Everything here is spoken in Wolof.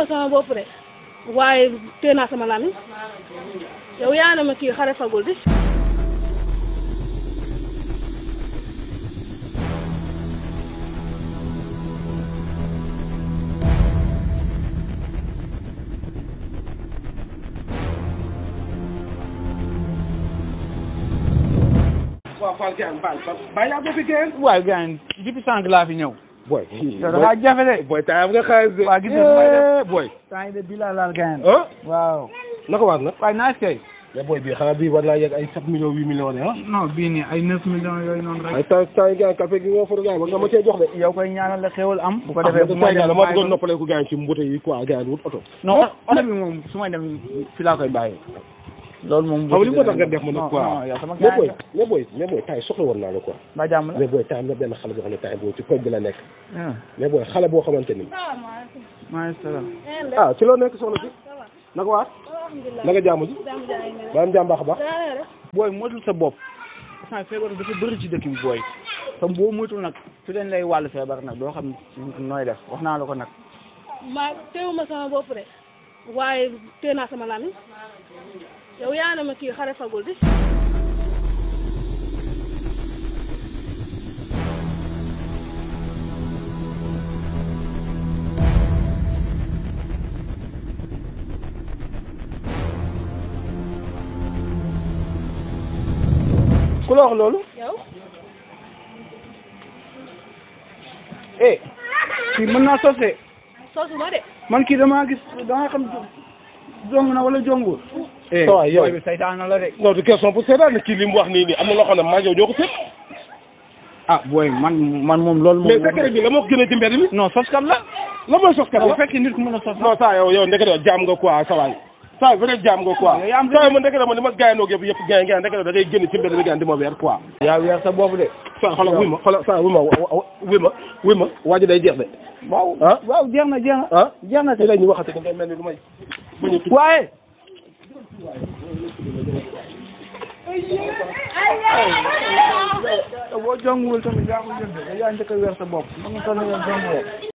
ma sama bopp de waaye téye naa sama làmmiñ yow yaa ne ma kii xare fagul di waaw Fall Diagne Fall Fall bàyyi yaa laa fi boy dafa jafe de. boy taa am nga xaalis de. waa gis nga may def eh, boy. taa yi de bii laa laal gaañ. waaw. naka na. waaye naaj kay. mais boy bii xanaa bii war naa yegg ay sept millions huit millions de ah. non bii nii ay neuf millions yooyu ay taa taa yi gaañ café gi nga for gaañ ba nga ma cee jox de. yow koy ñaanal la xéwal am. bu ko ah, defee bu may def maa bëggoon noppalee ko gaañ ci mbuute yi quoi gaañ wut oto. non oto bi moom su may dem fi laa koy bàyyi. loolu moom xam li moo tax nga def ma nag quoi mais booy mais booy mais booy temps soxla woon naa la quoi ba jàmm la mais booy temps am na xale boo xam ne temps boobu ci koñ bi nekk ah. mais booy xale boo xamante ni maaleykum salaam ah ci loo nekk soxna si naka waat naka jàmm ji maanaam jàmm baax a baax booy moytul sa bopp parce que feebar dafa bëri ci dëkk bi booy tam boo moytul nag su leen lay wàllu feebar nag doo xam nooy def wax naa la ko nag ma teewuma sama bopp de waaye tee naa sama lami yow yaa na ma kii xare fagul di ku la wax loolu yow eh kii mën naa sose sosu man kii damaa gis na wala jongul waaw yow booy bi saytaana la de. non du question pour saytaana kii li mu wax nii nii am na loo xam ne maa yow ñoo ko seet. ah booy man man moom loolu. moom mais secret bi la moo ko génnee ci mbedd mi. non soskat la. la mooy soskat la bu fekkee nit ku mën a sos. non saa yow yow ndekete jaam nga quoi sa waay. saa yu bëre jaam nga quoi. saa yu man ndekete man li ma gaañoo ak yëpp yëpp gaañ gaañ ndekete da ngay génn ci mbedd mi gaañ di ma weer quoi. yaa weer sa boobu de. saa xoolal wuy ma xoolal saa wuy ma wuy ma wuy ma ji day jeex de. waaw ah? waaw jeex na jeex na. Ah? na te. ñu boo jànguwul tamit yaa ko jënd yaa njëkk a weer sa bopp man ma toll nii yow